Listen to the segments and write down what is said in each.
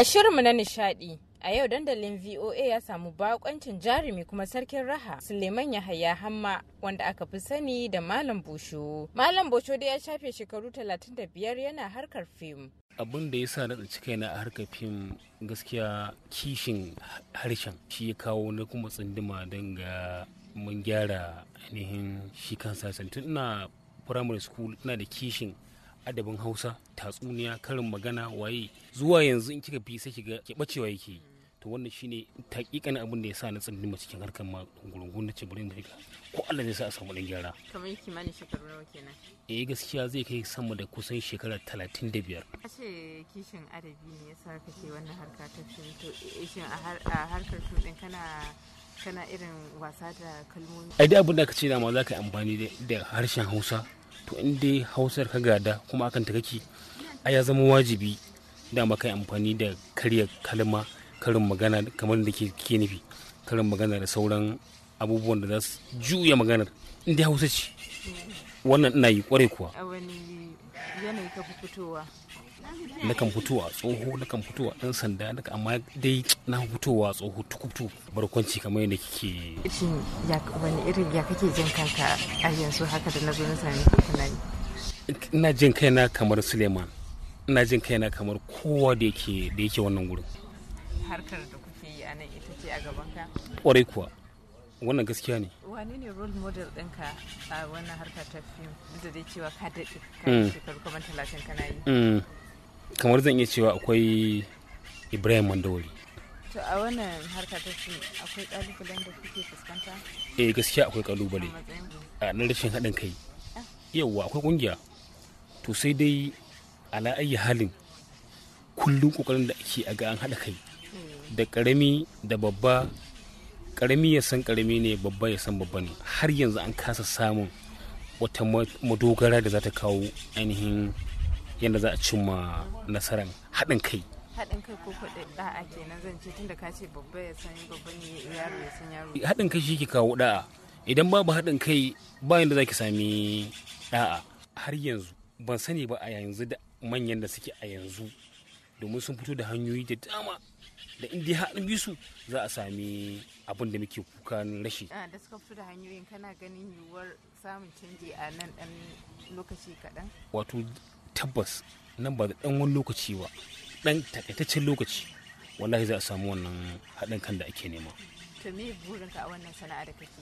A shirinmu na nishadi a yau dandalin VOA ya samu bakoncin jarumi kuma sarkin raha Suleiman Yahaya Hamma wanda aka fi sani da Malam Bosho. Malam Bosho dai ya shafe shekaru 35 yana harkar fim. Abin da ya sa na tsaci na a harkar fim gaskiya kishin harshen shi ya kawo na kuma tsindima don ga mun gyara ainihin shi kansa tun ina primary school ina da kishin adabin hausa tatsuniya karin magana waye zuwa yanzu in kika fi sai kiga ke bacewa yake to wannan shine takikan abin da ya sa na tsanni cikin harkar ma gurgun na cibirin da ko Allah zai sa a samu dan gyara kamar yake mani shekaru nawa kenan eh gaskiya zai kai sama da kusan shekara 35 kace kishin adabi ne ya yasa kake wannan harka ta to eh, shin a harkar fim din kana kana irin wasa da kalmomi ai da abin da kace na ma za ka yi amfani da harshen Hausa to in dai hausar ka gada kuma akan ta kake a ya zama wajibi dama yi amfani da karya kalma karin magana kamar da ke nufi karin magana da sauran abubuwan da za su juya maganar in dai hausa ce wannan ina yi kware kuwa yanayi ka fitowa nakan fitowa tsoho nakan fitowa dan sanda nakan amma dai na fitowa tsoho tukutu barkwanci kamar yadda kike shin ya wani irin ya kake jin kanka a yanzu haka da na na same kana ina jin kaina kamar Suleiman ina jin kaina kamar kowa da yake da yake wannan gurin harkar da kuke yi anan ita ce a gaban ka kwarai kuwa wannan gaskiya ne wani ne role model ɗinka a wannan harkar ta fim da dai cewa ka daɗe ka mm. shekaru kamar talatin kana yi mm. kamar zan iya cewa akwai ibrahim mandawari to a wannan harka ta ce akwai kalubalen da kuke fuskanta eh gaskiya akwai kalubale a nan rashin haɗin kai ah. yawwa akwai kungiya to sai dai ala ayi halin kullum kokarin da ake a ga an haɗa kai hmm. da karami da babba karami ya san karami ne babba ya san babba ne har yanzu an kasa samun wata madogara da za ta kawo ainihin yadda za a cimma nasarar haɗin kai haɗin kai ko kuɗi da'a kenan zan ce tunda ka ce babba ya san babba ne yaro ya san yaro haɗin kai shi ke kawo da'a idan babu haɗin kai ba yadda za ki sami da'a har yanzu ban sani ba a yanzu da manyan da suke a yanzu domin sun fito da hanyoyi da dama da inda haɗin bisu za a sami abin da muke kukan rashi da suka fito da hanyoyin kana ganin yiwuwar samun canji a nan ɗan lokaci kaɗan wato tabbas nan ba da ɗan wani lokaci ba ɗan takaitaccen lokaci wallahi za a samu wannan haɗin kan da ake nema to me burinka a wannan sana'a da kake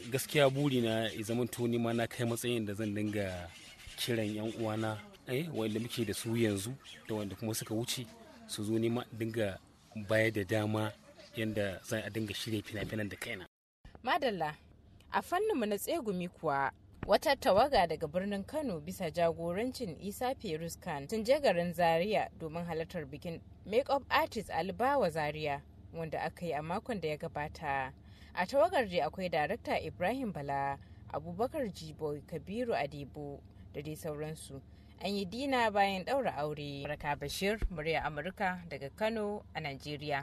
yi gaskiya burina ya zama to ma na kai matsayin da zan dinga kiran yan uwana eh wanda muke da su yanzu da wanda kuma suka wuce su zo nema dinga bayar da dama yanda zan a dinga shirya fina-finan da kaina madalla a fannin mu na tsegumi kuwa wata tawaga daga birnin kano bisa jagorancin isa ferus khan sun je garin zaria domin halartar bikin make-up artist alibawa zaria wanda aka yi a makon da ya gabata a tawagar dai akwai darakta ibrahim bala abubakar jibo kabiru adebo da dai sauransu an yi dina bayan ɗaura aure. raka Bashir, murya Amurka daga Kano a Najeriya.